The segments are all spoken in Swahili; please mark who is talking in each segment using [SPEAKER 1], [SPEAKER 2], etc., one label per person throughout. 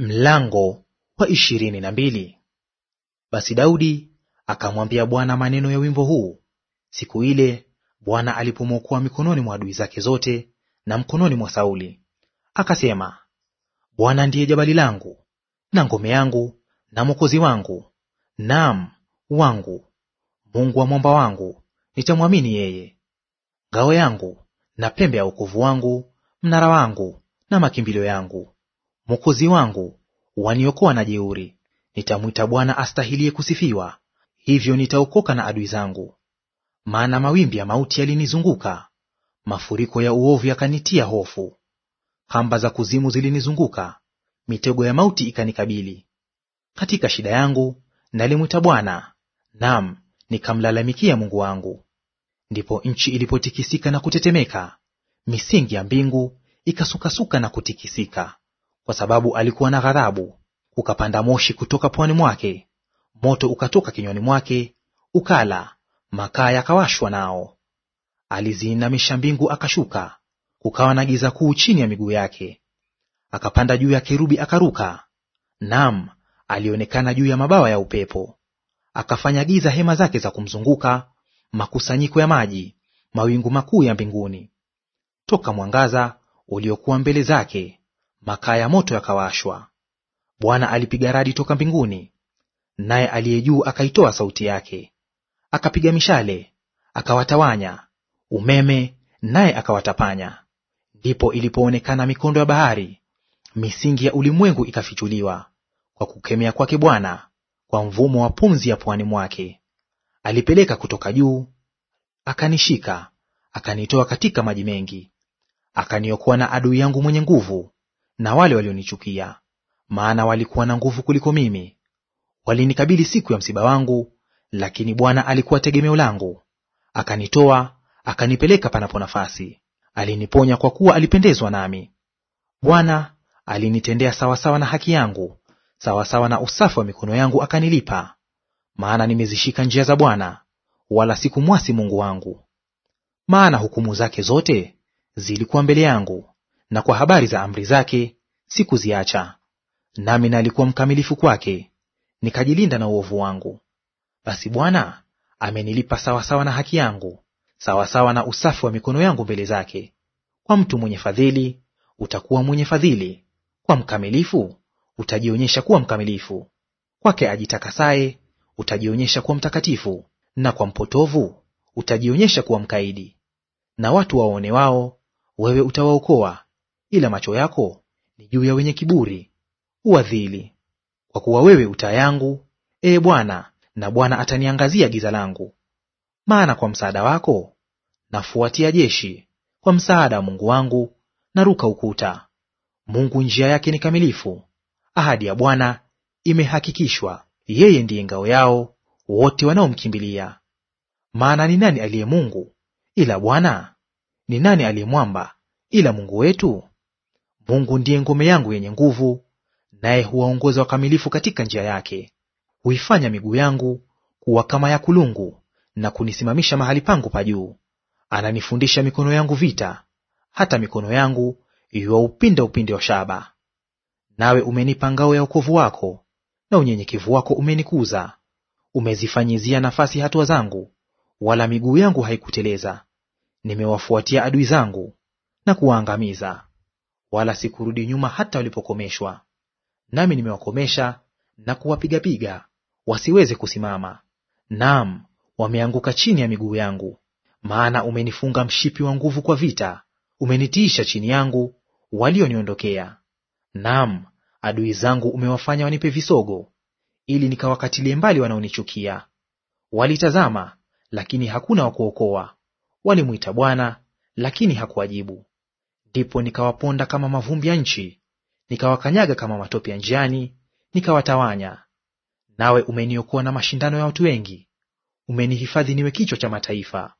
[SPEAKER 1] Mlango wa ishirini na mbili. Basi Daudi akamwambia Bwana maneno ya wimbo huu siku ile Bwana alipomwokoa mikononi mwa adui zake zote na mkononi mwa Sauli. Akasema, Bwana ndiye jabali langu na ngome yangu na mwokozi wangu, naam wangu, Mungu wa mwamba wangu, nitamwamini yeye, ngao yangu na pembe ya wokovu wangu, mnara wangu na makimbilio yangu Mwokozi wangu waniokoa na jeuri. Nitamwita Bwana astahiliye kusifiwa, hivyo nitaokoka na adui zangu. Maana mawimbi ya mauti yalinizunguka, mafuriko ya uovu yakanitia hofu. Kamba za kuzimu zilinizunguka, mitego ya mauti ikanikabili. Katika shida yangu nalimwita Bwana, nam nikamlalamikia Mungu wangu. Ndipo nchi ilipotikisika na kutetemeka, misingi ya mbingu ikasukasuka na kutikisika kwa sababu alikuwa na ghadhabu, kukapanda moshi kutoka pwani mwake, moto ukatoka kinywani mwake, ukala makaa yakawashwa nao. Aliziinamisha mbingu akashuka, kukawa na giza kuu chini ya miguu yake. Akapanda juu ya kerubi akaruka, nam alionekana juu ya mabawa ya upepo. Akafanya giza hema zake za kumzunguka, makusanyiko ya maji, mawingu makuu ya mbinguni. Toka mwangaza uliokuwa mbele zake makaa ya moto yakawashwa. Bwana alipiga radi toka mbinguni, naye aliye juu akaitoa sauti yake. Akapiga mishale, akawatawanya; umeme, naye akawatapanya. Ndipo ilipoonekana mikondo ya bahari, misingi ya ulimwengu ikafichuliwa, kwa kukemea kwake Bwana, kwa mvumo wa pumzi ya puani mwake. Alipeleka kutoka juu, akanishika, akanitoa katika maji mengi, akaniokoa na adui yangu mwenye nguvu na wale walionichukia, maana walikuwa na nguvu kuliko mimi. Walinikabili siku ya msiba wangu, lakini Bwana alikuwa tegemeo langu. Akanitoa akanipeleka panapo nafasi, aliniponya kwa kuwa alipendezwa nami. Bwana alinitendea sawasawa na haki yangu, sawasawa na usafi wa mikono yangu akanilipa. Maana nimezishika njia za Bwana, wala sikumwasi Mungu wangu. Maana hukumu zake zote zilikuwa mbele yangu, na kwa habari za amri zake sikuziacha. Nami nalikuwa mkamilifu kwake, nikajilinda na uovu wangu. Basi Bwana amenilipa sawasawa na haki yangu, sawasawa na usafi wa mikono yangu mbele zake. Kwa mtu mwenye fadhili utakuwa mwenye fadhili, kwa mkamilifu utajionyesha kuwa mkamilifu. Kwake ajitakasaye utajionyesha kuwa mtakatifu, na kwa mpotovu utajionyesha kuwa mkaidi. Na watu waone wao wewe utawaokoa, ila macho yako ni juu ya wenye kiburi uadhili Kwa kuwa wewe utaa yangu, ee Bwana, na Bwana ataniangazia giza langu. Maana kwa msaada wako nafuatia jeshi, kwa msaada wa Mungu wangu naruka ukuta. Mungu njia yake ni kamilifu, ahadi ya Bwana imehakikishwa. Yeye ndiye ngao yao wote wanaomkimbilia. Maana ni nani aliye Mungu ila Bwana? Ni nani aliye mwamba ila Mungu wetu? Mungu ndiye ngome yangu yenye nguvu, naye huwaongoza wakamilifu katika njia yake. Huifanya miguu yangu kuwa kama ya kulungu, na kunisimamisha mahali pangu pa juu. Ananifundisha mikono yangu vita, hata mikono yangu iwaupinda upinde wa shaba. Nawe umenipa ngao ya wokovu wako, na unyenyekevu wako umenikuza. Umezifanyizia nafasi hatua zangu, wala miguu yangu haikuteleza. Nimewafuatia adui zangu na kuwaangamiza wala sikurudi nyuma hata walipokomeshwa. Nami nimewakomesha na kuwapigapiga wasiweze kusimama, naam, wameanguka chini ya miguu yangu. Maana umenifunga mshipi wa nguvu kwa vita, umenitiisha chini yangu walioniondokea. Naam, adui zangu umewafanya wanipe visogo, ili nikawakatilie mbali wanaonichukia. Walitazama, lakini hakuna wa kuokoa; walimwita Bwana, lakini hakuwajibu. Ndipo nikawaponda kama mavumbi ya nchi, nikawakanyaga kama matope ya njiani, nikawatawanya. Nawe umeniokoa na mashindano ya watu wengi, umenihifadhi niwe kichwa cha mataifa.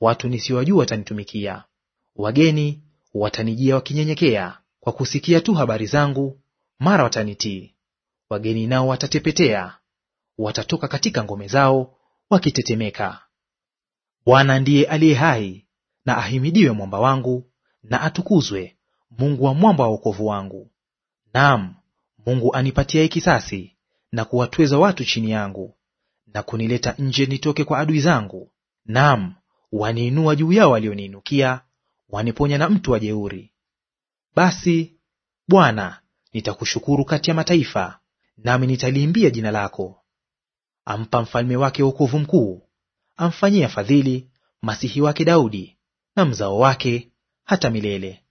[SPEAKER 1] Watu nisiwajua watanitumikia, wageni watanijia wakinyenyekea. Kwa kusikia tu habari zangu, mara watanitii. Wageni nao watatepetea, watatoka katika ngome zao wakitetemeka. Bwana ndiye aliye hai, na ahimidiwe mwamba wangu na atukuzwe Mungu wa mwamba wa wokovu wangu. Naam, Mungu anipatiaye kisasi na kuwatweza watu chini yangu, na kunileta nje nitoke kwa adui zangu. Naam, waniinua juu yao walioniinukia, waniponya na mtu wa jeuri. Basi Bwana, nitakushukuru kati ya mataifa, nami nitaliimbia jina lako. Ampa mfalme wake wokovu mkuu, amfanyia fadhili masihi wake Daudi na mzao wake hata milele.